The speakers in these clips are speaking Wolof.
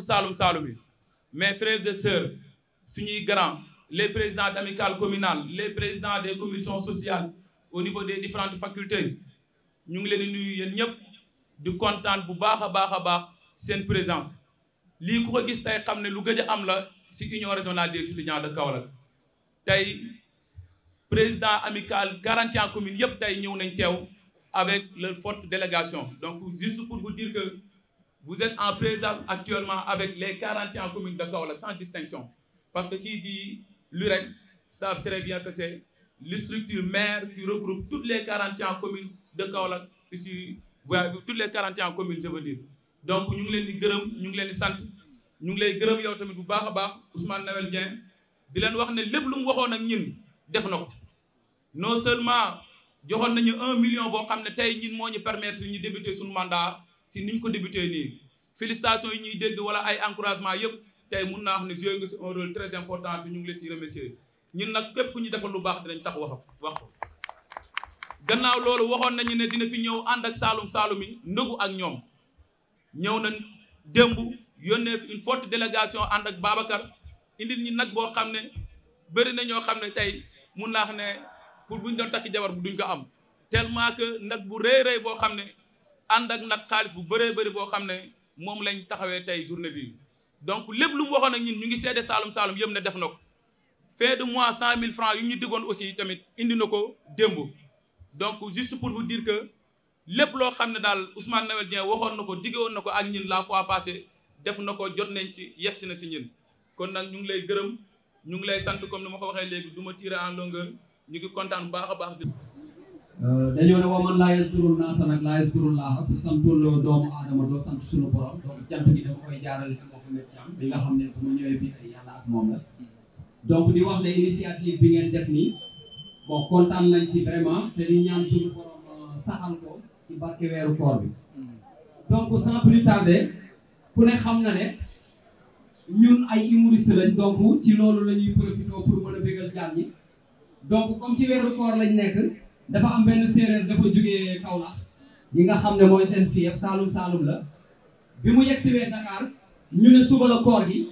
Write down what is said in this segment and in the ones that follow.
salumi mes frères et sœurs suñuy grands les présidents d'amical communales les présidents des commissions sociales au niveau des différentes facultés ñu ngi leen nuyu yeen ñep du kontaan bu baaxa a baax sen présence li ku ko gis tay xam lu gëj am la ci union régionale des citoyens de Kaolack tay président amical 41 commune yep tay ñew nañ tew avec leur forte délégation donc juste pour vous dire que vous êtes en présence actuellement avec les en communes de Kaolack sans distinction. Parce que qui dit l'UREC savent très bien que c'est la structure qui regroupe toutes les en communes de Kaolack ici. Vous avez toutes les en communes, je veux dire. Donc nous, ngi di nous ñu ngi nous sommes ñu ngi nous nous Ousmane non seulement nous un million nous avons le nous permettre débuter mandat. si niñ ko débuté nii félicitation yi ñuy dégg wala ay encouragement yëpp tey mun naa xam ne joué nga si un rôle très important bi ñu ngi la si remercier ñun nag képp ku ñu defal lu baax dinañ tax wax wax ko gannaaw loolu waxoon nañu ne dina fi ñëw ànd ak saalum saalum yi ndëgu ak ñoom ñëw na démb yónnee fi une forte délégation ànd ak Babacar indil ñi nag boo xam ne bëri na ñoo xam ne tey mun naa xam ne pour buñ doon takk jabar bu duñ ko am ànd ak nag xaalis bu bëree bëri boo xam ne moom lañ taxawee tey journée bi donc lépp lu mu waxoon ak ñun ñu ngi seede Saalum Saalum yëpp ne def na ko fin de mois cent mille francs yi ñu diggoon aussi tamit indi na ko démb donc juste pour vous dire que lépp loo xam ne daal Ousmane Noël Dieng waxoon na ko diggoon na ko ak ñun la fois passée def na ko jot nañ ci yegg si na si ñun kon nag ñu ngi lay gërëm ñu ngi lay sant comme ni ma ko waxee léegi du ma tirer ñu ngi kontaan bu baax a baax dañoo ne wa man laa yaskurul naasa nag laa yaskurul laaha ku santuloo doomu aadama doo sant suñu borom donc jant gi dama koy bi nga xam ne bu ñëwee fii yàlla ak moom la donc di wax ne initiative bi ngeen def nii bon kontaan nañ ci vraiment te di ñaan suñu borom euh, saxal ko ci barke weeru koor bi donc sans plus tarder ku ne xam na ne ñun ay humoristes lañ donc ci loolu la ñuy profité pour mën a bégal jàmm ñi donc comme ci weeru koor lañ nekk dafa am benn séeréer dafa jógee Kaolack yi nga xam ne mooy seen fief Saalum Saalum la bi mu yegg si wee Dakar ñu ne suba la koor gi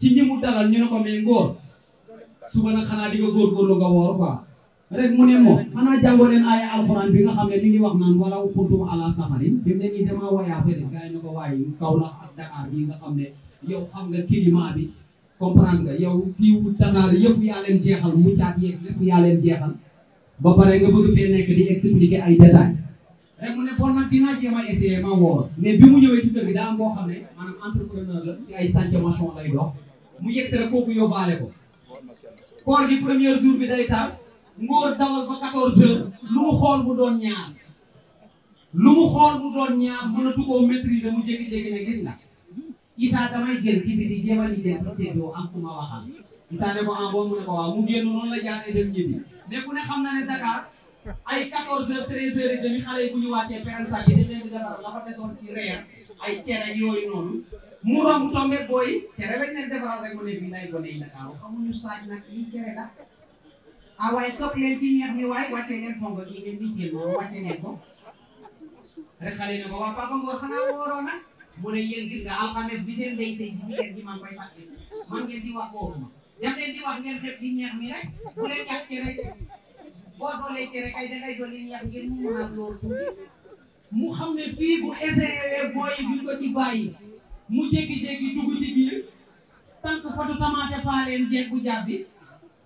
ci ñi mu dalal ñu ne ko di nga góorgóorlu nga woor bi nga xam ne li wax naan bi yi ko waaye Kaolack ak nga xam ne yow xam nga climat bi comprendre nga yow kii wu Dakar yëpp yaa leen jeexal mu caat yeeg lépp yaa leen jeexal ba pare nga bëgg fee nekk di expliquer ay détails rek eh, mu ne bon nag dinaa jéem a essayer ma woo mais bi mu ñëwee ci kër gi daa am boo xam ne maanaam entrepreneur la ci ay chantier machon lay dox mu yegg rek kooku yóbbaale ko. koor gi premier jour bi day tar ngóor dawal ba 14 heures lu mu xool mu doon ñaar lu mu xool mu doon ñaar mënatu koo maîtriser mu jékki-jékki ne nga. Issa damay génn ci biti jéem a liggéey ci am ku ma waxal Issa ne ko en ah, mu ne ko waaw mu génn mais ku ne xam na ne Dakar ay 14 heures 13 heures et demi xale yi bu ñu wàccee pexe sax yi dañ leen di defar la fa desoon ci reer ay cere yooyu noonu mu romb tombé booy cere lañ leen defaral rek mu ne bii lay gone yi Dakar xamuñu saaj nag lii cere la ah waaye topp leen ci ñeex mi waaye wàccee leen fongo kii ngeen di séen moom wàcce leen ko rek xale ne ko waa papa Ngor xanaa wooroon na mu ne yéen gis nga alxames bi seen mbéy say si jigéen ji maa ngi koy fàtte man ngeen di wax wooruma ñam leen di wax ngeen xeeb di ñeex mi rek bu boo doolee cere kay dangay dolli ñeex ngir mu mën a lool mu xam ne fii bu essayé booy bi ko ci bàyyi mu jékki-jékki dugg ci biir tànk fatu tamaate paaleen jeeg bu jaar bi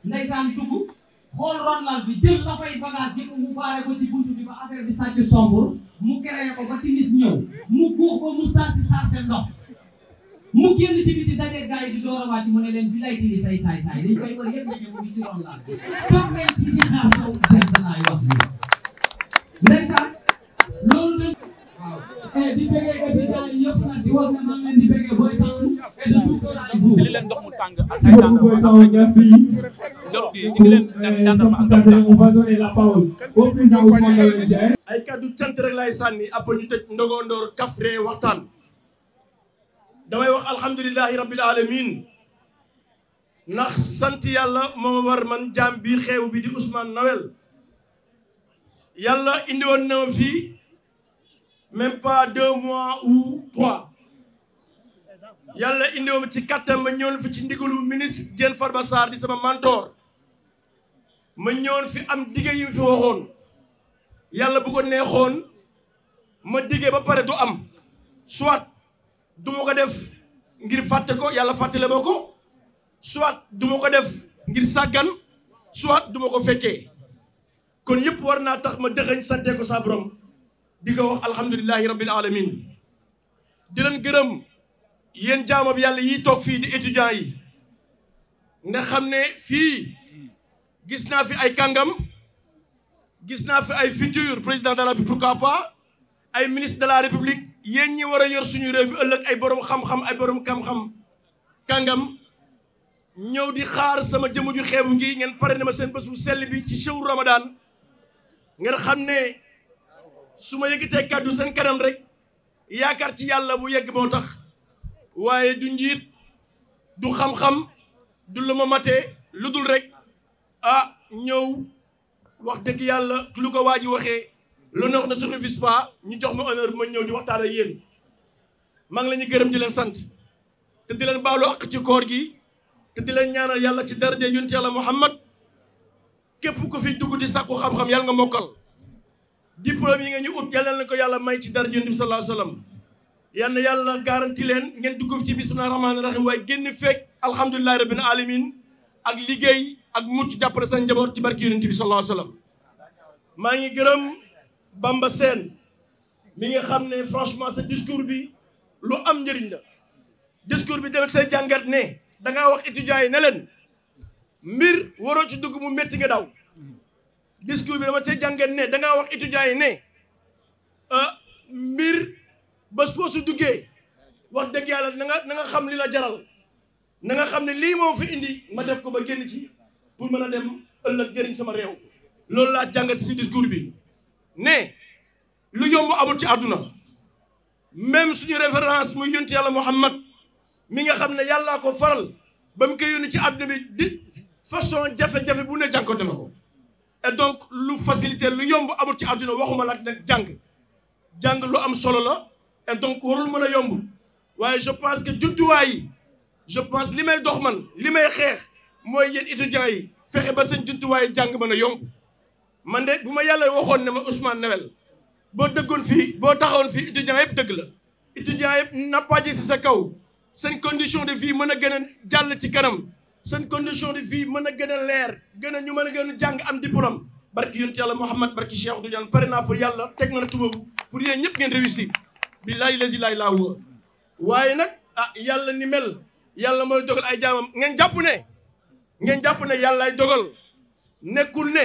ndeysaan dugg xool ronlal bi jël la fay bagage bi mu baare ko ci buntu bi ba affaire bi sàcc sombur mu créé ko ba timis ñëw mu guux ko mu sàcc sàcce ndox mu génn ci biti sa dee gars yi di door a wàcc mu ne leen bi lay tini say saay saay dañ koy wër yëpp dañu mu ngi ci ron laal toog leen ci ci xaar saw gerte laa wax ni ndeysaan loolu de waaw e di bëggee étudiant yi yëpp nag di wax ne maa ngi leen di bëggee booy taw et eh, de tout ko laay buub li leen ndox mu tàng ak ay tàng booy taw ñaar fii donc indi leen gendarme eh, ak sa on va donner la parole au président Ousmane Ndiaye ay kaddu cant rek lay sànni après ñu tëj ndogo ndoor kaf ree waxtaan damay wax alhamdulilahi rabbil alamin ndax sant yàlla mooma war man jaam bii xeew bi di Ousmane Noël yàlla indi woon na ma fii même pas deux mois ou trois yàlla indi woon ci kattan ma ñëwoon fi ci ndigalu ministre Diène Farba Sarr di sama mantoor ma ñëwoon fi am dige yi fi waxoon yàlla bu ko neexoon ma digee ba pare du am soit du ma ko def ngir fàtte ko yàlla fàttale ma ko soit du ko def ngir sàggan soit du ma ko fekkee kon yëpp war naa tax ma dëxëñ sante ko saa borom di ko wax alhamdulilahi rabbil alamin di leen gërëm yéen jaamab yàlla yi toog fii di étudiants yi nga xam ne fii gis naa fi ay kàngam gis naa fi ay futur président de la république pourquoi ay ministre de la république yéen ñi war a yor suñu réew mi ëllëg ay borom xam-xam ay borom xam-xam kàngam ñëw di xaar sama jëmm ju xeebu gi ngeen pare na ma seen bés bu sell bi ci chëwru Ramadan ngeen xam ne su ma yëkkatee kàddu seen kanam rek yaakaar ci yàlla bu yegg moo tax waaye du njiit du xam-xam du la ma mate lu dul rek ah ñëw wax dëgg yàlla lu ko waa ji waxee l'honneur ne se refuse pas ñu jox ma honneur ma ñëw di waxtaan ak yéen maa ngi la ñuy gërëm di leen sant te di leen baalu ak ci koor gi te di leen ñaanal yàlla ci daraja yonent yàlla Muhammad képp ku fi dugg di sàkku xam-xam yàlla nga mokkal diplôme yi nga ñu ut yàlla na ko yàlla may ci daraja yonent bi sallallahu alayhi wasallam yal na yàlla garanti leen ngeen dugg ci bismillahi rahmaani rahim waaye génn fekk alhamdulillahi rabbil alamin ak liggéey ak mucc jàppale seen njaboot ci barki yonent bi sallallahu Bamba sen mi nga xam diskurbi, franchement ce discours bi lu am njëriñ la discours bi tamit sa jangat ne da nga wax étudiant yi ne len mbir waroo ci dugg mu metti nga daw discours bi dama sa jangat ne da nga wax étudiant yi ne euh, mbir ba boo su duggé wax deug yalla na nga na nga xam li la jaral na nga xam ne fi indi ma def ko ba génn ci pour dem ëllëg jëriñ sama réew loolu la jangat si discours bi ne lu yomb amul ci aduna même suñu référence mu yonent yalla Muhammad mi nga xam yalla ko faral ba ko yoni ci aduna bi di façon jafé jafé bu ne jànkoonte nako et donc lu faciliter lu yomb amul ci aduna waxuma la nak jang jang lu am solo la et donc warul mën yomb waye je pense que judduwaay yi je pense limay dox man limay may moy mooy étudiant yi fexé ba seen judduwaay jàng mën yomb man de bu ma yàlla waxoon ne ma Ousmane Noël boo dëggoon fii boo taxawoon fii étudiant yëpp dëgg la étudiant yëpp nappaaji si sa kaw seen condition de vie mën a gën a jàll ci kanam seen condition de vie mën a gën a leer gën a ñu mën a gën a jàng am diplôme barki yonent yàlla Mouhamad barki Cheikh Tidiane pare naa pour yàlla teg na la tubabu pour yéen ñëpp ngeen réussir billaahi lazi laay laa wóor waaye nag ah yàlla ni mel yàlla mooy dogal ay jaamam ngeen jàpp ne ngeen jàpp ne yàllaay dogal nekkul ne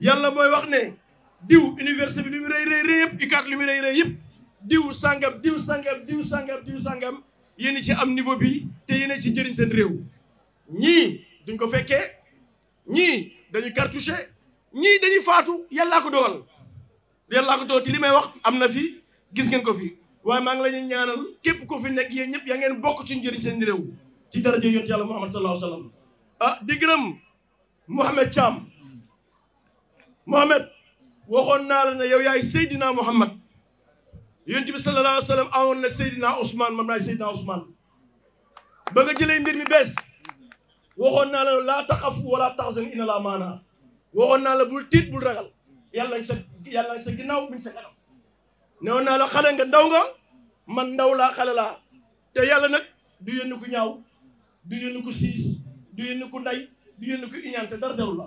yàlla mooy wax ne diw université bi li mu rëy rëy rëy yëpp UCAD li mu rëy rëy yëpp diw sangam diw sangam diw sangam diw sangam yéen ci am niveau bi te yéen ci jëriñ seen réew ñii duñ ko fekkee ñii dañuy cartouché ñii dañuy faatu yàllaa ko dogal yàllaa ko dogal te li may wax am na fi gis ngeen ko fi waaye maa ngi la ñaanal képp ko fi nekk yéen ñëpp yaa ngeen bokk ci njëriñ seen réew ci daraja yonent yàlla Muhammad sallallahu alayhi wa sallam ah di gërëm Mouhamed Thiam Mohamed waxoon naa la ne yow yaay Seydina Mohamed yonent bi sallallahu alayhi awoon na Seydina Ousmane man maay Seydina Ousmane ba nga jëlee mbir mi bees waxoon naa la laa taxaf wala taxzan inna laa maanaa waxoon naa la bul tiit bul ragal yàlla sa yàlla sa ginnaaw buñ sa kanam newoon naa la xale nga ndaw nga man ndaw laa xale laa te yàlla nag du yónni ko ñaaw du yónni ko siis du yónni ku nday du yónni ku iñaan te dara daru la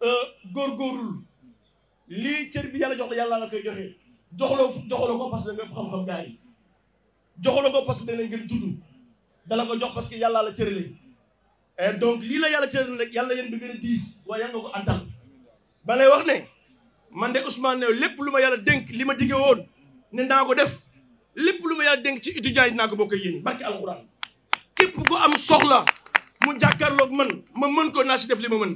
góor euh, góorul lii cër bi yàlla jox la yàlla la koy joxe joxloo joxloo ko parce que nga xam-xam gaa yi joxloo ko parce que dana ngeen tudd dala ko jox parce que yàlla la cërale et donc lii la yàlla cërale rek yàlla yéen bi gën a diis waaye yàlla ko antal ba lay wax ne man de Ousmane Noël lépp lu ma yàlla dénk li ma diggee woon ne naa ko def lépp lu ma yàlla dénk ci étudiants yi naa ko bokk ak yéen barki alxuraan képp ku am soxla mu jàkkaarloog man ma mën ko naa si def li ma mën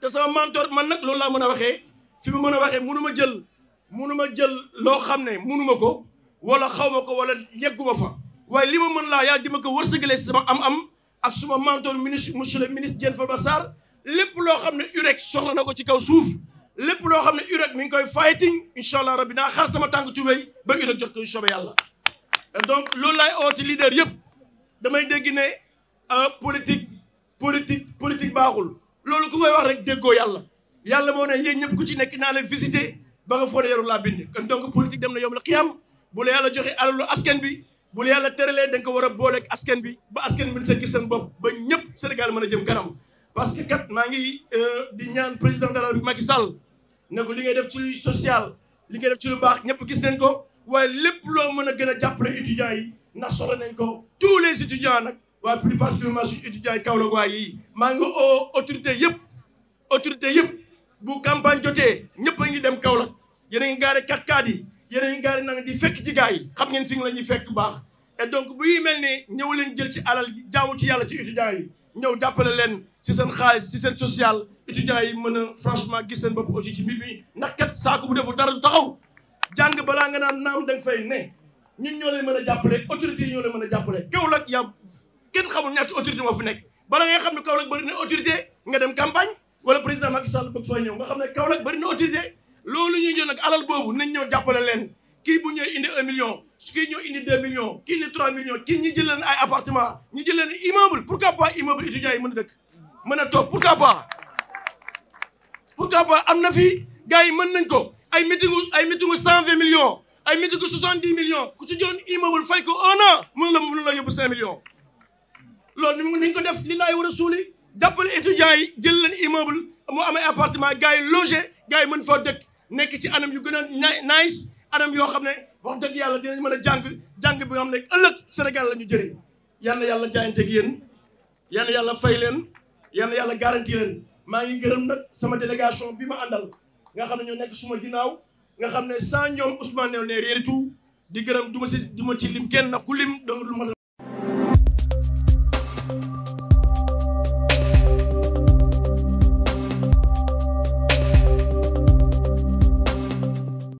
te sama mentor man nak loolu la mën waxé waxee bu mu waxé a jël munu jël lo xamné ne ko wala xaw ko wala yegguma fa way li ma mën laa yàlla di ko wërsegalé sama am-am ak suma mentor ministre monsieur le ministre Diène Farba lépp lo xamné urek soxla nako ci kaw suuf lépp lo xamné urek mi ngi koy fighting inshallah allah rabi xar sama tànk tubéy ba urek jox ko soobee yàlla donc loolu lay ooti leader yëpp damay dégg ne politique politique politique baaxul. loolu ku koy wax rek déggoo yàlla yàlla moo ne yéen ñëpp ku ci nekk naa la visité ba nga foo ne yoru laa bind kon donc politique dem na yom la xiyam bu la yàlla joxe alalu askan bi bu la yàlla tëralee da nga ko war a booleeg askan bi ba askan bi sa gis seen bopp ba ñëpp Sénégal mën a jëm kanam parce que kat maa ngi euh, di ñaan président de la République Macky Sall ne ko li ngay def ci lu social li ngay def ci lu baax ñëpp gis nañ ko waaye lépp loo mën a gën a jàppale étudiants yi ndax soxla nañ ko tous les étudiants nag waa plus particulièrement suñu étudiants yi Kaolack waa yi maa ngi oo autorité yëpp autorité yëpp bu campagne jotee ñëpp a ngi dem Kaolack yéen a ngi gaare kat-kat yi yéen a ngi gaare nanga di fekk ci gars yi xam ngeen fi nga la ñuy fekk baax et donc buy mel ni ñëw leen jël ci alal jaamu ci yàlla ci étudiants yi ñëw jàppale leen si seen xaalis si seen social étudiants yi mën a franchement gis seen bopp aussi ci mbir mi ndax kat saako bu deful dara du taxaw jàng balaa nga naan naam da nga fay ne ñun ñoo leen mën a jàppale autorités yi ñoo mën a jàppale Kaolack yàlla kenn xamul ñaata autorité moo fi nekk bala nga xam ne Kaolack bëri autorité nga dem campagne wala président Macky Sall bëgg fay ñëw nga xam ne Kaolack bëri na autorité loolu ñuy ñëw nag alal boobu nañ ñëw jàppale leen kii bu ñëwee indi un million su kii ñëw indi deux millions kii indi trois millions kii ñi jël leen ay appartement ñi jël leen immeuble pourquoi pas immeuble étudiants yi mën a dëkk mën a toog pourquoi pas pourquoi pas am na fi gars yi mën nañ ko ay meetingu ay meetingu cent vingt millions ay meetingu soixante ku ci jëloon immeuble fay ko un an mën la mën la yóbbu cinq millions loolu ni nañ ko def li laay war a suuli jàppale étudiants yi jël leen immeuble mu amee appartement gars yi logé gars yi mën foo dëkk nekk ci anam yu gën a nice anam yoo xam ne wax dëgg yàlla dinañ mën a jàng jàng bi nga xam ne ëllëg Sénégal la ñu jëriñ yal yàlla jaayanteeg yéen yal yalla fay leen yal na yàlla garanti leen maa ngi gërëm nag sama délégation bi ma àndal nga xam ne ñoo nekk suma ginnaaw nga xam ne sans ñoom Ousmane Neone rien du tout di gërëm du si du ma